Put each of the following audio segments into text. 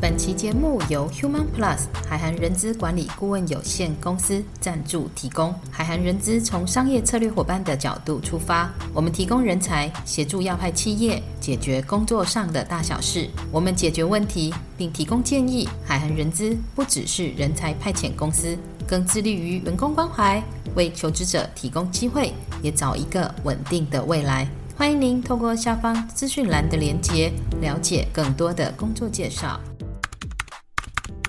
本期節目由 Human Plus 海涵人資管理顧問有限公司贊助提供。海涵人資從商業策略夥伴的角度出發，我們提供人才協助要派企業解決工作上的大小事。我們解決問題並提供建議。海涵人資不只是人才派遣公司，更致力於員工關懷，為求職者提供機會，也找一個穩定的未來。歡迎您透過下方資訊欄的連結，了解更多的工作介紹。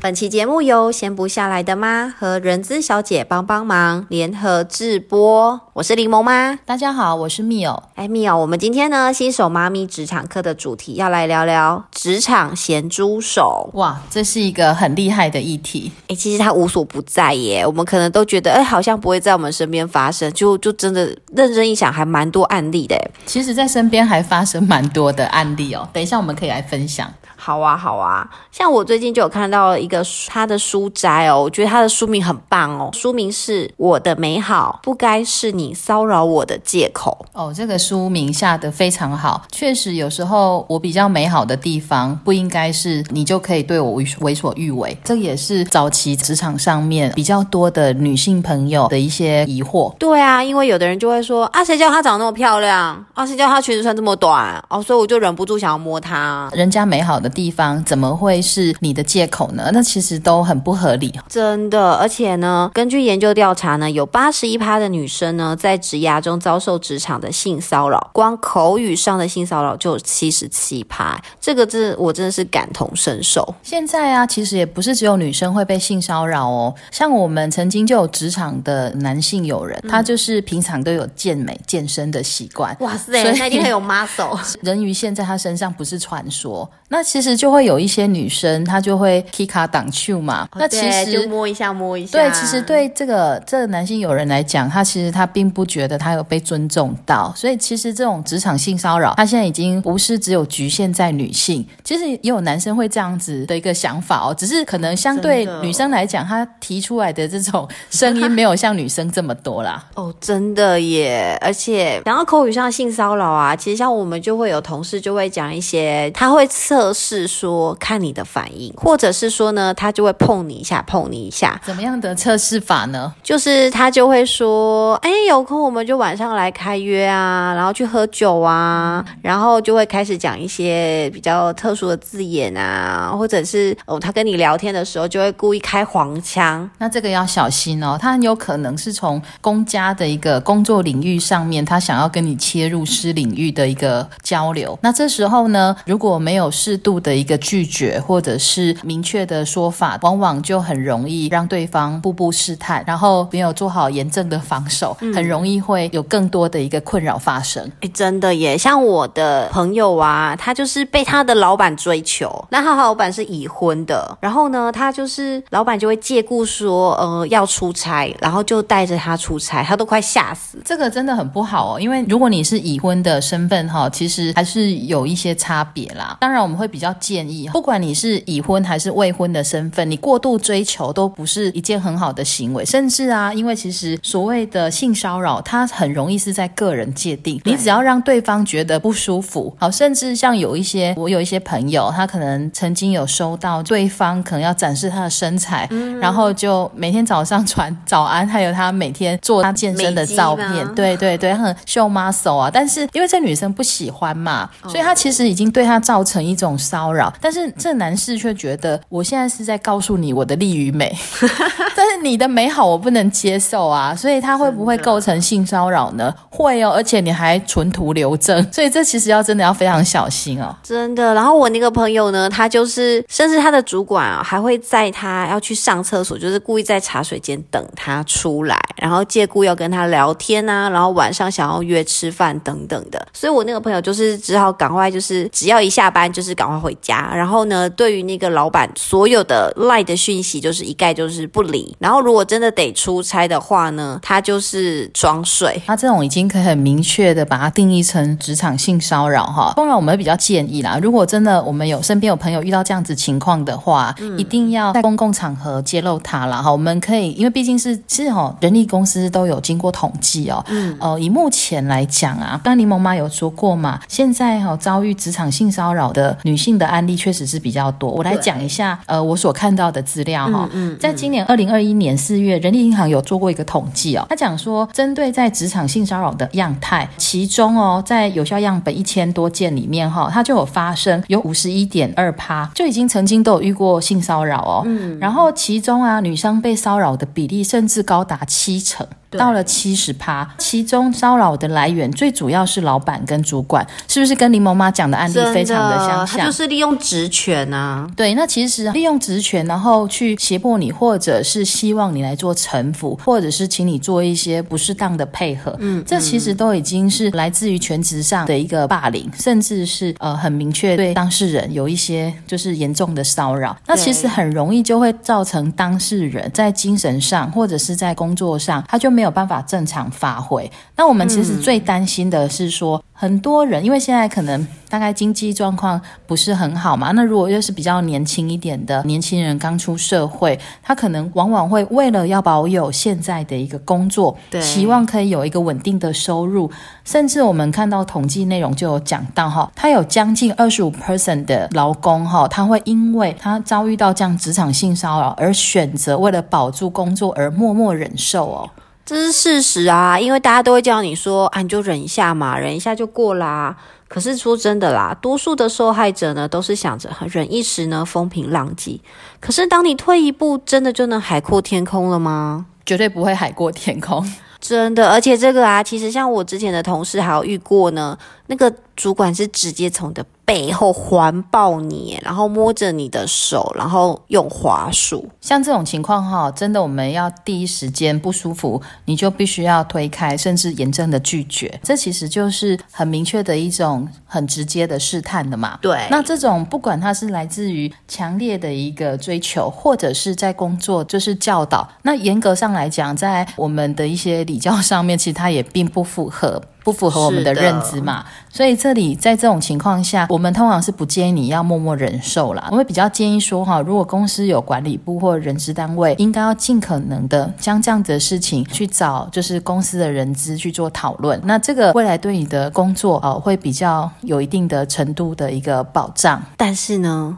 本期節目由閒不下來的媽和人資小姐幫幫忙聯合製播，我是檸檬媽，大家好，我是蜜歐，哎、欸，蜜歐，我們今天呢，新手媽咪職場課的主題要來聊聊職場鹹豬手，哇，這是一個很厲害的議題，誒、欸、其實它無所不在耶，我們可能都覺得，誒、欸、好像不會在我們身邊發生，就就真的認真一想，還蠻多案例的，誒其實，在身邊還發生蠻多的案例哦，等一下我們可以來分享。好啊，好啊，像我最近就有看到一個他的書摘哦，我覺得他的書名很棒哦，書名是《我的美好不該是你騷擾我的借口》哦，這個書名下得非常好，確實有時候我比較美好的地方不應該是你就可以對我為，為所欲為，這也是早期職場上面比較多的女性朋友的一些疑惑。對啊，因為有的人就會說啊，誰叫她長那麼漂亮，啊，誰叫她裙子穿這麼短哦，所以我就忍不住想要摸她，人家美好的地方怎麼會是你的借口呢？那其實都很不合理，真的。而且呢，根據研究調查呢，有八十一趴的女生呢，在職涯中遭受職場的性騷擾，光口語上的性騷擾就有七十七趴。這個字、就是、我真的是感同身受。現在啊，其實也不是只有女生會被性騷擾哦，像我們曾經就有職場的男性友人，嗯、他就是平常都有健美健身的習慣。哇塞，所以那很有 muscle，人魚線在他身上不是傳說。那其實。其實就會有一些女生，她就會貼卡擋 Q 嘛。Oh, 那其實就摸一下摸一下。對，其實對這個這個男性友人來講，他其實他並不覺得他有被尊重到。所以其實這種職場性騷擾，他現在已經不是只有局限在女性，其實也有男生會這樣子的一個想法哦。只是可能相對女生來講，他提出來的這種聲音沒有像女生這麼多啦哦。 oh, 真的耶，而且然後口語上性騷擾啊，其實像我們就會有同事就會講一些，他會測試。是說看你的反應，或者是說呢，他就會碰你一下，碰你一下，怎麼樣的測試法呢？就是他就會說，哎、欸，有空我們就晚上來開約啊，然後去喝酒啊，然後就會開始講一些比較特殊的字眼啊，或者是哦，他跟你聊天的時候就會故意開黃腔，那這個要小心哦，他很有可能是從公家的一個工作領域上面，他想要跟你切入私領域的一個交流， 那這時候呢，如果沒有適度。的一個拒絕或者是明確的說法，往往就很容易讓對方步步試探，然後沒有做好嚴正的防守，嗯，很容易會有更多的一個困擾發生。誒，真的耶，像我的朋友啊，他就是被他的老闆追求。那好好，老闆是已婚的，然後呢，他就是老闆就會借故說呃要出差，然後就帶着他出差，他都快嚇死。這個真的很不好哦，因為如果你是已婚的身份哈、哦，其實還是有一些差別啦。當然我們會比較。要建議，不管你是已婚還是未婚的身份，你過度追求都不是一件很好的行為。甚至啊，因為其實所謂的性騷擾，它很容易是在個人界定。你只要讓對方覺得不舒服，好，甚至像有一些，我有一些朋友，他可能曾經有收到對方可能要展示他的身材，嗯嗯，然後就每天早上傳早安，還有他每天做他健身的照片，對對對，很秀 muscle 啊。但是因為這女生不喜歡嘛，所以他其實已經對他造成一種傷。騷擾，但是這男士卻覺得，我現在是在告訴你我的利與美， 但是你的美好我不能接受啊，所以他會不會構成性騷擾呢？會哦，而且你還存圖留證，所以這其實要真的要非常小心哦，真的。然後我那個朋友呢，他就是甚至他的主管啊，還會在他要去上廁所，就是故意在茶水間等他出來，然後借故要跟他聊天啊，然後晚上想要約吃飯等等的，所以我那個朋友就是只好趕快，就是只要一下班就是趕快回家，然後呢，對於那個老闆所有的賴的訊息，就是一概就是不理。然後如果真的得出差的話呢，他就是裝睡。他、啊、這種已經可以很明確的把它定義成職場性騷擾哈。當、哦、然，通常我們會比較建議啦，如果真的我們有身邊有朋友遇到這樣子情況的話，嗯、一定要在公共場合揭露他了哈、哦。我們可以，因為畢竟是是哦，人力公司都有經過統計哦。嗯。呃，以目前來講啊，剛檸檬媽有說過嘛，現在哈、哦、遭遇職場性騷擾的女性。的案例確實是比較多，我來講一下，呃，我所看到的資料哈、嗯嗯嗯，在今年二零二一年四月，人力銀行有做過一個統計哦，他講說，針對在職場性騷擾的樣態，其中哦，在有效樣本一千多件裡面哈、哦，它就有發生有五十一點二趴就已經曾經都有遇過性騷擾哦，嗯嗯、然後其中啊女生被騷擾的比例甚至高達七成。到了七十趴，其中騷擾的來源最主要是老板跟主管，是不是跟檸檬媽講的案例非常的相像,像的？就是利用職權啊。對，那其實利用職權，然後去脅迫你，或者是希望你來做臣服，或者是請你做一些不適當的配合。嗯，這其實都已經是來自於權職上的一個霸凌，甚至是呃很明確對當事人有一些就是嚴重的騷擾。那其實很容易就會造成當事人在精神上或者是在工作上他就沒。沒有辦法正常發揮。那我們其實最擔心的是說，嗯、很多人因為現在可能大概經濟狀況不是很好嘛。那如果又是比較年輕一點的年輕人剛出社會，他可能往往會為了要保有現在的一個工作，對，希望可以有一個穩定的收入。甚至我們看到統計內容就有講到哈，他有將近二十五 percent 的勞工哈，他會因為他遭遇到這樣職場性騷擾而選擇為了保住工作而默默忍受哦。這是事實啊，因為大家都會叫你說，啊，你就忍一下嘛，忍一下就過啦。可是說真的啦，多數的受害者呢，都是想着忍一時呢，風平浪靜。可是當你退一步，真的就能海闊天空了嗎？絕對不會海闊天空， 真的。而且這個啊，其實像我之前的同事還有遇過呢，那個。主管是直接從你的背後環抱你，然後摸着你的手，然後用滑鼠。像這種情況哈，真的我們要第一時間不舒服，你就必須要推開，甚至嚴正的拒絕。這其實就是很明確的一種很直接的試探的嘛。對，那這種不管它是來自於強烈的一個追求，或者是在工作就是教導，那嚴格上來講，在我們的一些禮教上面，其實它也並不符合。不符合我們的認知嘛。所以這裡在這種情況下，我們通常是不建議你要默默忍受啦。我們會比較建議說哈，如果公司有管理部或人資單位，應該要儘可能的將這樣子的事情去找就是公司的人資去做討論。那這個未來對你的工作啊，會比較有一定的程度的一個保障。但是呢，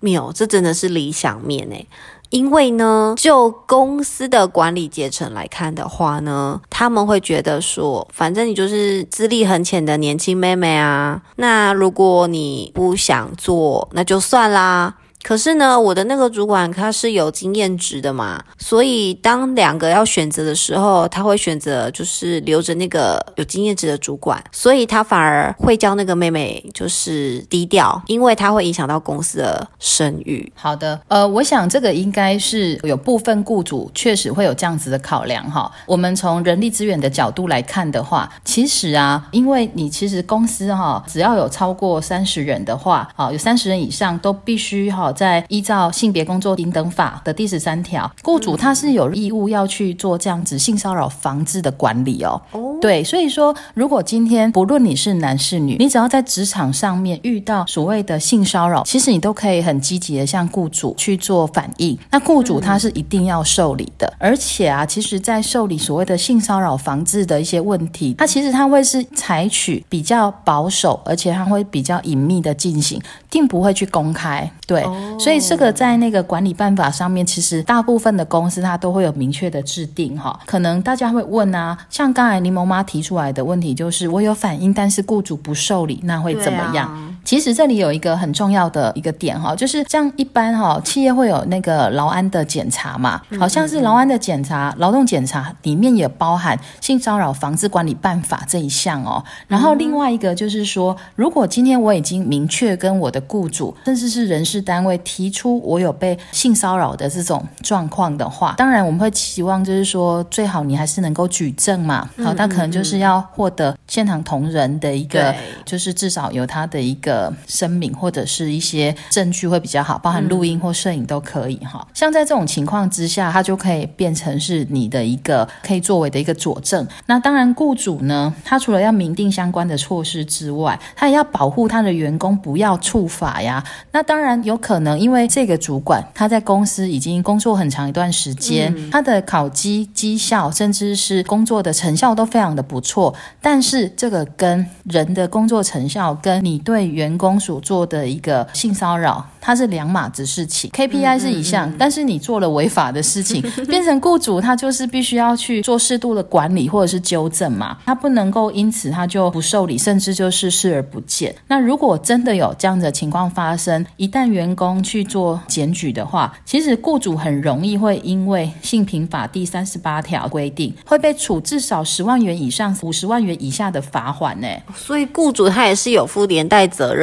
沒有，這真的是理想面誒、欸。因為呢，就公司的管理階層來看的話呢，他們會覺得說，反正你就是資歷很淺的年輕妹妹啊，那如果你不想做，那就算啦。可是呢，我的那個主管他是有經驗值的嘛，所以當兩個要選擇的時候，他會選擇就是留着那個有經驗值的主管，所以他反而會教那個妹妹就是低調，因為他會影響到公司的聲譽。好的，呃，我想這個應該是有部分僱主確實會有這樣子的考量哈。我們從人力資源的角度來看的話，其實啊，因為你其實公司哈，只要有超過三十人的話，哈，有三十人以上都必須哈。在依照性別工作平等法的第十三條，雇主他是有義務要去做這樣子性騷擾防治的管理哦。對，所以說，如果今天不論你是男是女，你只要在職場上面遇到所謂的性騷擾，其實你都可以很積極的向雇主去做反應。那雇主他是一定要受理的，而且啊，其實，在受理所謂的性騷擾防治的一些問題，他其實他會是採取比較保守，而且他會比較隱秘的進行，並不會去公開。對。所以這個在那個管理辦法上面，其實大部分的公司它都會有明確的制定哈。可能大家會問啊，像剛才檸檬媽提出來的問題，就是我有反映，但是雇主不受理，那會怎麼樣？其實這裡有一個很重要的一個點哈，就是像一般哈、哦、企業會有那個勞安的檢查嘛，嗯嗯嗯，好像是勞安的檢查、勞動檢查裡面也包含性騷擾防治管理辦法這一項哦嗯嗯。然後另外一個就是說，如果今天我已經明確跟我的雇主甚至是人事單位提出我有被性騷擾的這種狀況的話，當然我們會期望就是說最好你還是能夠舉證嘛，好，那可能就是要獲得現場同仁的一個，嗯嗯嗯就是至少有他的一個。呃，聲明或者是一些證據會比較好，包含錄音或攝影都可以哈、嗯。像在這種情況之下，它就可以變成是你的一個可以作為的一個佐證。那當然，雇主呢，他除了要明定相關的措施之外，他也要保護他的員工不要觸法呀。那當然有可能，因為這個主管他在公司已經工作很長一段時間，嗯、他的考績、績效，甚至是工作的成效都非常的不錯。但是這個跟人的工作成效，跟你對員員工所做的一個性騷擾，它是兩碼子事情。KPI 是一項、嗯嗯嗯，但是你做了違法的事情，變成雇主，他就是必須要去做適度的管理或者是糾正嘛，他不能夠因此他就不受理，甚至就是視而不見。那如果真的有這樣的情況發生，一旦員工去做檢舉的話，其實雇主很容易會因為性平法第三十八條規定，會被處至少十萬元以上五十萬元以下的罰鍰呢。所以雇主他也是有負連帶責任。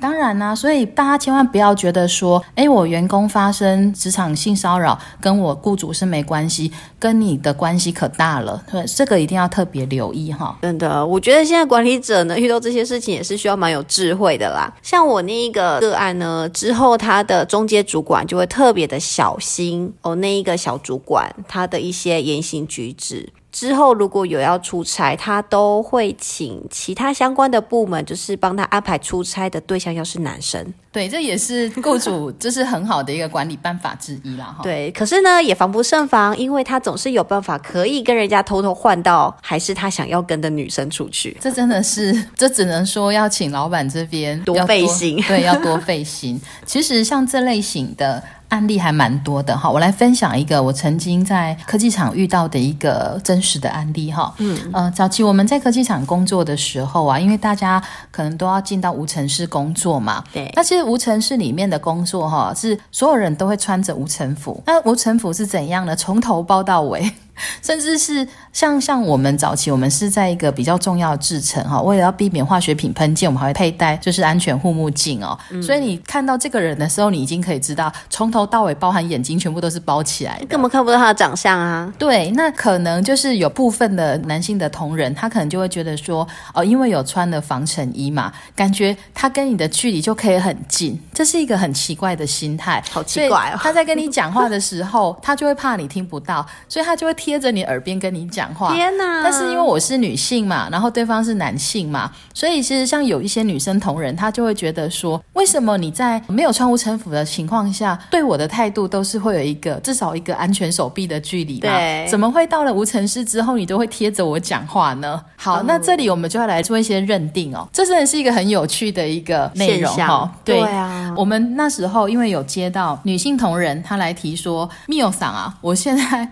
當然啦、啊，所以大家千萬不要覺得說，誒，我員工發生職場性騷擾，跟我雇主是沒關係，跟你的關係可大了，對，這個一定要特別留意哈。真的，我覺得現在管理者，呢，遇到這些事情也是需要蠻有智慧的啦。像我那一個個案呢，之後他的中階主管就會特別的小心哦，那一個小主管他的一些言行舉止。之後如果有要出差，他都會請其他相關的部門，就是幫他安排出差的對象，要是男生。對，這也是雇主就是很好的一個管理辦法之一啦，哈。 對，可是呢也防不勝防，因為他總是有辦法可以跟人家偷偷換到還是他想要跟的女生出去。這真的是，這只能說要請老闆這邊多費心， 對，要多費心。其實像這類型的。案例還蠻多的哈，我來分享一個我曾經在科技廠遇到的一個真實的案例哈。嗯，呃，早期我們在科技廠工作的時候啊，因為大家可能都要進到無塵室工作嘛，對。那其實無塵室裡面的工作哈，是所有人都會穿着無塵服。那無塵服是怎樣呢？從頭包到尾。甚至是像像我們早期，我們是在一個比較重要的製程哈，為了要避免化學品噴濺，我們還會佩戴就是安全護目鏡哦、嗯。所以你看到這個人的時候，你已經可以知道從頭到尾，包含眼睛全部都是包起來的。根本看不到他的長相啊。對，那可能就是有部分的男性的同仁，他可能就會覺得說哦，因為有穿了防塵衣嘛，感覺他跟你的距離就可以很近。這是一個很奇怪的心態，好奇怪、哦、他在跟你講話的時候， 他就會怕你聽不到，所以他就會。貼着你耳邊跟你講話，天哪！但是因為我是女性嘛，然後對方是男性嘛，所以其實像有一些女生同仁，她就會覺得說，為什麼你在沒有穿無塵服的情況下，對我的態度都是會有一個至少一個安全手臂的距離嘛？對，怎麼會到了無塵室之後，你都會貼着我講話呢？好、嗯，那這裡我們就要來做一些認定哦，這真的是一個很有趣的一個內容哦對。對啊，我們那時候因為有接到女性同仁，她來提說，Mio 桑啊，我現在。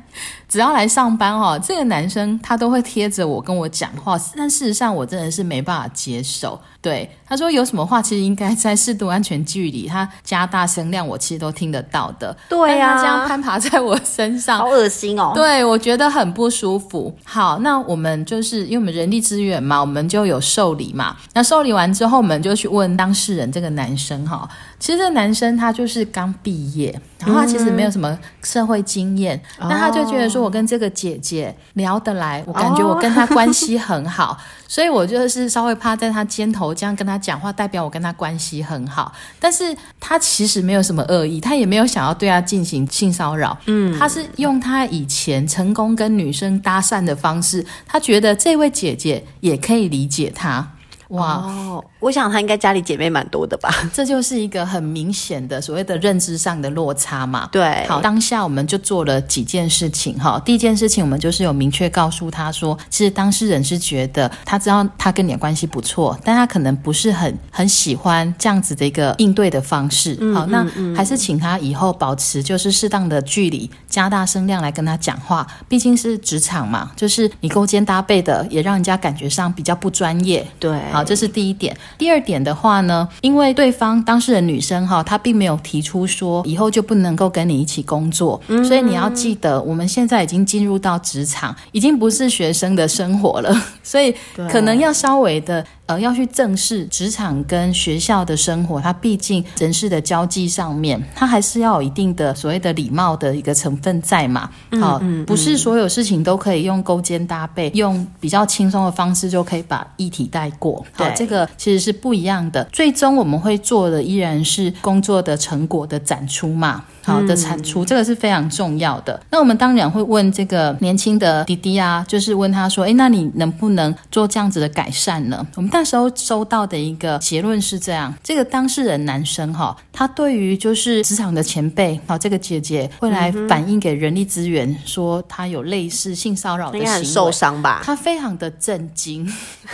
只要來上班哦，這個男生他都會貼着我跟我講話，但事實上我真的是沒辦法接受。對，他說有什麼話，其實應該在適度安全距離。他加大聲量，我其實都聽得到的。對呀、啊，這樣攀爬在我身上，好噁心哦！對，我覺得很不舒服。好，那我們就是因為我們人力資源嘛，我們就有受理嘛。那受理完之後，我們就去問當事人這個男生哈、哦。其實這男生他就是剛畢業、嗯，然後他其實沒有什麼社會經驗、嗯。那他就覺得說我跟這個姐姐聊得來，哦、我感覺我跟他關係很好，哦、 所以我就是稍微趴在他肩頭。我這樣跟他講話，代表我跟他關係很好，但是他其實沒有什麼惡意，他也沒有想要對他進行性騷擾。嗯，他是用他以前成功跟女生搭訕的方式，他覺得這位姐姐也可以理解他。哇！哦我想他應該家裡姐妹蠻多的吧，這就是一個很明顯的所謂的認知上的落差嘛。對，好，當下我們就做了幾件事情哈。第一件事情，我們就是有明確告訴他說，其實當事人是覺得他知道他跟你的關係不錯，但他可能不是很很喜歡這樣子的一個應對的方式。嗯，好，那還是請他以後保持就是適當的距離，加大聲量來跟他講話。畢竟是職場嘛，就是你勾肩搭背的，也讓人家感覺上比較不專業。對，好，這是第一點。第二點的話呢，因為對方當事人女生哈，她並沒有提出說以後就不能夠跟你一起工作，嗯、所以你要記得，我們現在已經進入到職場，已經不是學生的生活了，所以可能要稍微的，呃，要去正視職場跟學校的生活，它畢竟人事的交際上面，它還是要有一定的所謂的禮貌的一個成分在嘛。嗯、好、嗯，不是所有事情都可以用勾肩搭背、嗯，用比較輕鬆的方式就可以把議題帶過。好，這個其實是不一樣的。最終我們會做的依然是工作的成果的展出嘛，好、嗯、的產出，這個是非常重要的。那我們當然會問這個年輕的弟弟啊，就是問他說，誒，那你能不能做這樣子的改善呢？我們。那時候收到的一個結論是這樣：這個當事人男生哈，他對於就是職場的前輩啊，這個姐姐會來反映給人力資源，說他有類似性騷擾的行為，受傷吧？他非常的震驚，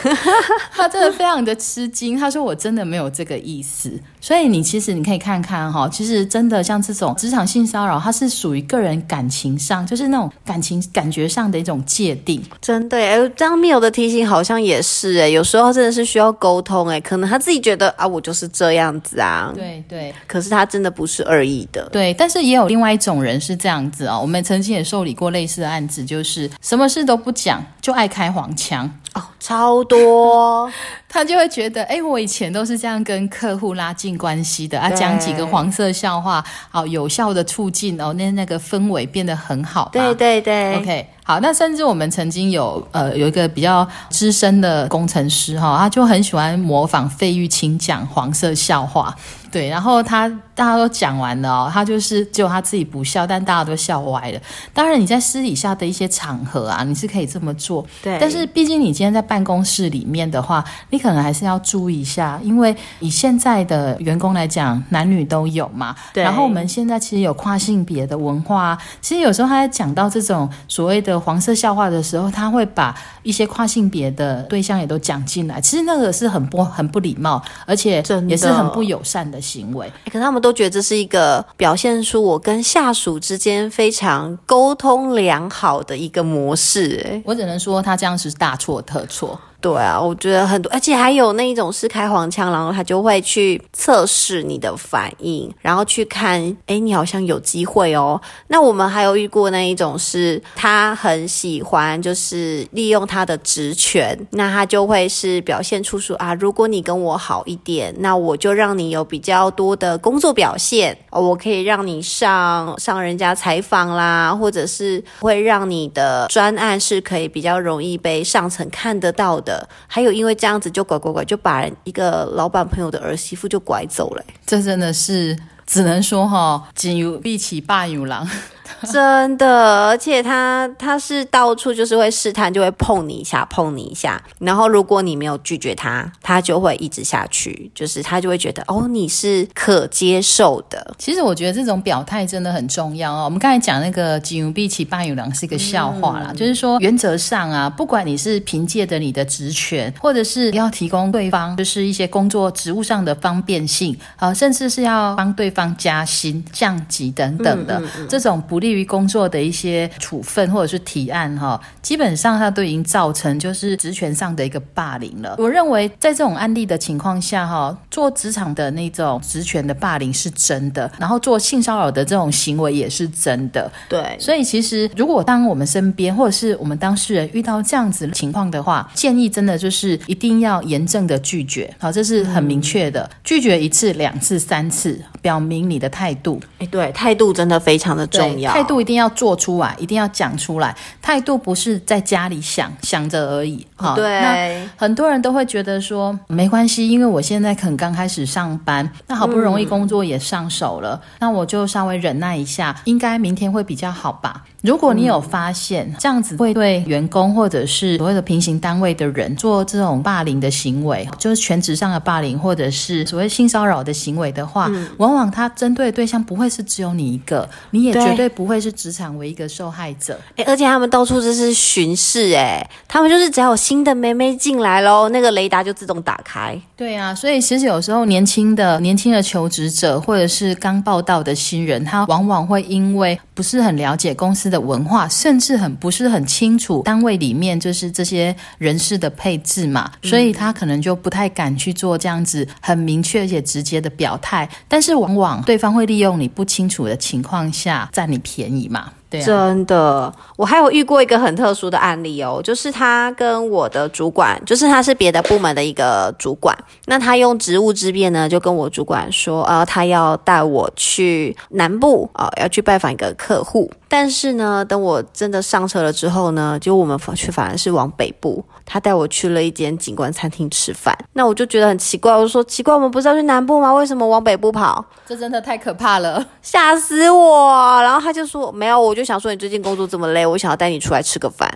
他真的非常的吃驚，他說：“我真的沒有這個意思。”所以你其實你可以看看哈，其實真的像這種職場性騷擾，它是屬於個人感情上，就是那種感情感覺上的一種界定。真的，哎，張密友的提醒好像也是哎，有時候真的是需要溝通哎，可能他自己覺得啊，我就是這樣子啊，對對，可是他真的不是惡意的。對，但是也有另外一種人是這樣子啊、哦，我們曾經也受理過類似的案子，就是什麼事都不講，就愛開黃腔。哦，超多， 他就會覺得，哎、欸，我以前都是這樣跟客戶拉近關係的啊，講幾個黃色笑話，好、哦，有效的促進哦，那那個氛圍變得很好。對對對，OK，好，那甚至我們曾經有呃有一個比較資深的工程師哈、哦，他就很喜歡模仿費玉清講黃色笑話。對，然後他大家都講完了哦，他就是只有他自己不笑，但大家都笑歪了。當然，你在私底下的一些場合啊，你是可以這麼做，對。但是畢竟你今天在辦公室裡面的話，你可能還是要注意一下，因為以現在的員工來講，男女都有嘛。對。然後我們現在其實有跨性別的文化啊，其實有時候他在講到這種所謂的黃色笑話的時候，他會把一些跨性別的對象也都講進來。其實那個是很不很不禮貌，而且也是很不友善的。行為，可是他們都覺得這是一個表現出我跟下屬之間非常溝通良好的一個模式、欸。我只能說他這樣是大錯特錯。對啊，我覺得很多，而且還有那一種是開黃腔，然後他就會去測試你的反應，然後去看，哎，你好像有機會哦。那我們還有遇過那一種是，他很喜歡就是利用他的職權，那他就會是表現出說啊，如果你跟我好一點，那我就讓你有比較多的工作表現，我可以讓你上上人家採訪啦，或者是會讓你的專案是可以比較容易被上層看得到的。還有，因為這樣子就拐拐拐，就把一個老闆朋友的兒媳婦就拐走了。這真的是只能說哈、哦，金有璧起有，霸有狼。 真的，而且他他是到處就是會試探，就會碰你一下，碰你一下。然後如果你沒有拒絕他，他就會一直下去，就是他就會覺得哦，你是可接受的。其實我覺得這種表態真的很重要哦。我們剛才講那個金無碧起半有良是一個笑話啦、嗯，就是說原則上啊，不管你是憑借着你的職權，或者是要提供對方就是一些工作職務上的方便性啊、呃，甚至是要幫對方加薪、降級等等的、嗯嗯嗯、這種不。不利於工作的一些處分或者是提案哈，基本上它都已經造成就是職權上的一個霸凌了。我認為在這種案例的情況下哈，做職場的那種職權的霸凌是真的，然後做性騷擾的這種行為也是真的。對，所以其實如果當我們身邊或者是我們當事人遇到這樣子的情況的話，建議真的就是一定要嚴正的拒絕，好，這是很明確的、嗯、拒絕一次、兩次、三次，表明你的態度。哎、欸，對，態度真的非常的重要。態度一定要做出來，一定要講出來。態度不是在家裡想想着而已。哦。對。那很多人都會覺得說，沒關係，因為我現在可能剛開始上班，那好不容易工作也上手了，嗯，那我就稍微忍耐一下，應該明天會比較好吧。如果你有發現、嗯、這樣子會對員工或者是所謂的平行單位的人做這種霸凌的行為，就是全職上的霸凌或者是所謂性騷擾的行為的話，嗯、往往他針對的對象不會是只有你一個，你也絕對不會是職場唯一一個受害者、欸。而且他們到處就是巡視、欸，哎，他們就是只要有新的妹妹進來嘍，那個雷達就自動打開。對啊，所以其實有時候年輕的年輕的求職者或者是剛報到的新人，他往往會因為。不是很了解公司的文化，甚至很不是很清楚單位裡面就是這些人事的配置，嘛，嗯、所以他可能就不太敢去做這樣子很明確而且直接的表態。但是往往對方會利用你不清楚的情況下占你便宜嘛。啊、真的，我還有遇過一個很特殊的案例哦，就是他跟我的主管，就是他是別的部門的一個主管，那他用職務之便呢，就跟我主管說，呃，他要帶我去南部啊、呃，要去拜訪一個客戶。但是呢，等我真的上車了之後呢，就我們去反而是往北部，他帶我去了一間景觀餐廳吃飯。那我就覺得很奇怪，我就說奇怪，我們不是要去南部嗎？為什麼往北部跑？這真的太可怕了，嚇死我！然後他就說沒有，我就。就想說你最近工作這麼累，我想要帶你出來吃個飯。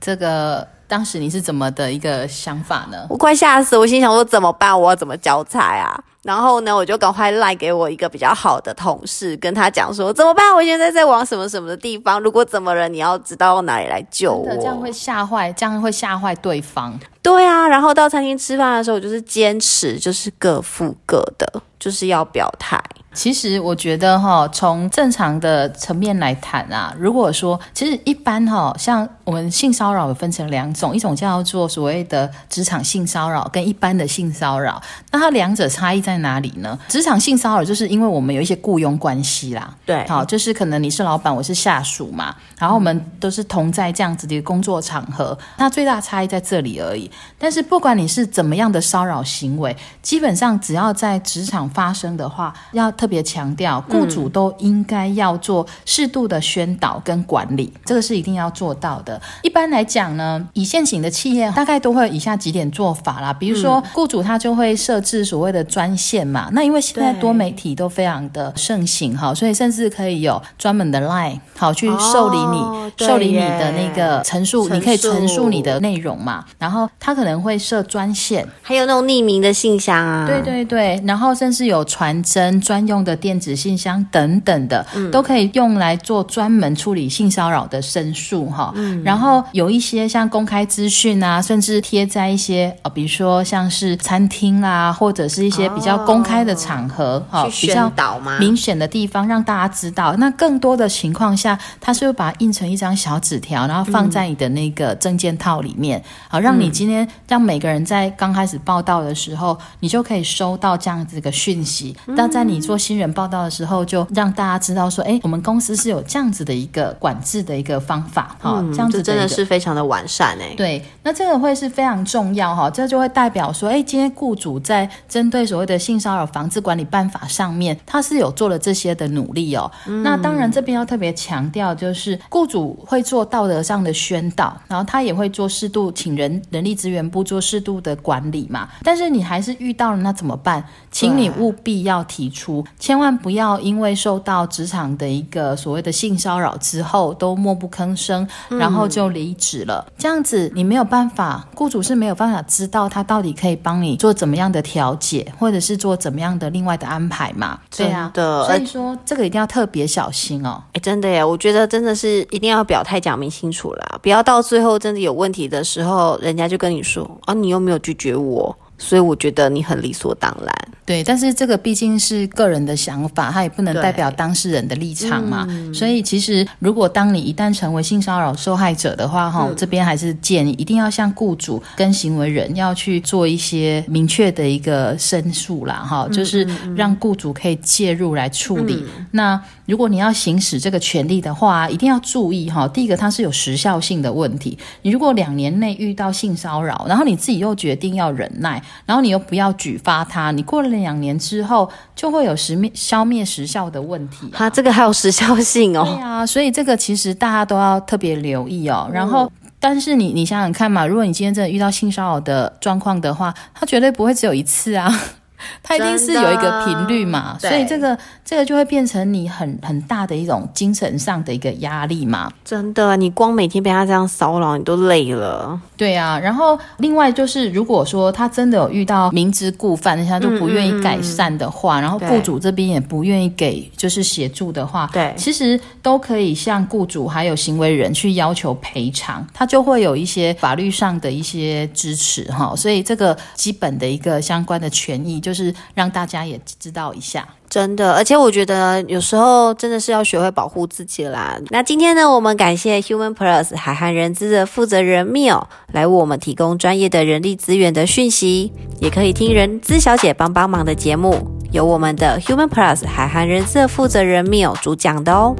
這個當時你是怎麼的一個想法呢？我快嚇死！我心想說，怎麼辦？我要怎麼交差啊？然後呢，我就趕快賴給我一個比較好的同事，跟他講說怎麼辦？我現在在往什麼什麼的地方？如果怎麼了，你要知道哪裡來救我。真的，這樣會嚇壞，這樣會嚇壞對方。對啊，然後到餐廳吃飯的時候，我就是堅持，就是各付各的，就是要表態。其實我覺得哈、哦，從正常的層面來談啊，如果說其實一般哈、哦，像我們性騷擾有分成兩種，一種叫做所謂的職場性騷擾，跟一般的性騷擾，那它兩者差異在。在哪裡呢？職場性騷擾就是因為我們有一些僱傭關係啦，對，好，就是可能你是老闆，我是下屬嘛，然後我們都是同在這樣子的工作場合，那最大差異在這裡而已。但是不管你是怎麼樣的騷擾行為，基本上只要在職場發生的話，要特別強調，雇主都應該要做適度的宣導跟管理，嗯、這個是一定要做到的。一般來講呢，以現行的企業大概都會有以下幾點做法啦，比如說雇主他就會設置所謂的專線嘛，那因為現在多媒體都非常的盛行哈，所以甚至可以有專門的 Line 好去受理你、哦、受理你的那個陳述，陳述，你可以陳述你的內容嘛，然後他可能會設專線，還有那種匿名的信箱啊，對對對，然後甚至有傳真專用的電子信箱等等的、嗯，都可以用來做專門處理性騷擾的申訴哈，然後有一些像公開資訊啊，甚至貼在一些哦，比如說像是餐廳啊，或者是一些比較要公開的場合哈、oh, 喔，比較明顯的地方讓大家知道。那更多的情況下，他是會把它印成一張小紙條，然後放在你的那個證件套裡面，嗯、好讓你今天讓、嗯、每個人在剛開始報道的時候，你就可以收到這樣子的訊息。那、嗯、在你做新人報道的時候，就讓大家知道說，哎、欸，我們公司是有這樣子的一個管制的一個方法哈、嗯，這樣子的、嗯、真的是非常的完善哎、欸。對，那這個會是非常重要哈、喔，這個、就會代表說，哎、欸，今天雇主在針對所謂的。性騷擾防治管理辦法上面，他是有做了這些的努力哦。嗯、那當然，這邊要特別強調，就是雇主會做道德上的宣導，然後他也會做適度請人人力資源部做適度的管理嘛。但是你還是遇到了，那怎麼辦？請你務必要提出，嗯、千萬不要因為受到職場的一個所謂的性騷擾之後，都默不吭聲，然後就離職了，嗯。這樣子你沒有辦法，雇主是沒有辦法知道他到底可以幫你做怎麼樣的調解，或者是。做怎麼樣的另外的安排嘛？對啊，嗯、所以說、呃、這個一定要特別小心哦。哎、欸，真的耶，我覺得真的是一定要表態講明清楚啦，不要到最後真的有問題的時候，人家就跟你說啊，你又沒有拒絕我。所以我覺得你很理所當然，對。但是這個畢竟是個人的想法，他也不能代表當事人的立場嘛，嗯。所以其實，如果當你一旦成為性騷擾受害者的話，哈、哦嗯，這邊還是建議一定要向僱主跟行為人要去做一些明確的一個申訴啦，哈、哦，就是讓僱主可以介入來處理嗯嗯嗯那。如果你要行使這個權利的話，一定要注意哈。第一個，它是有時效性的問題。你如果兩年內遇到性騷擾，然後你自己又決定要忍耐，然後你又不要舉發它。你過了兩年之後，就會有時滅消滅時效的問題。哈、啊，這個還有時效性哦。對啊，所以這個其實大家都要特別留意哦。然後，但是你你想想看嘛，如果你今天真的遇到性騷擾的狀況的話，它絕對不會只有一次啊。他一定是有一個頻率嘛，所以這個這個就會變成你很很大的一種精神上的一個壓力嘛。真的，你光每天被他這樣騷擾，你都累了。對啊，然後另外就是，如果說他真的有遇到明知故犯，他就不願意改善的話，嗯嗯嗯，然後雇主這邊也不願意給就是協助的話，對，其實都可以向雇主還有行為人去要求賠償，他就會有一些法律上的一些支持哈。所以這個基本的一個相關的權益就是。就是讓大家也知道一下，真的，而且我覺得有時候真的是要學會保護自己了啦。那今天呢，我們感謝 Human Plus 海涵人資的負責人 MIL 來為我們提供專業的人力資源的訊息，也可以聽人資小姐幫幫忙的節目，由我們的 Human Plus 海涵人資的負責人 MIL 主講的哦。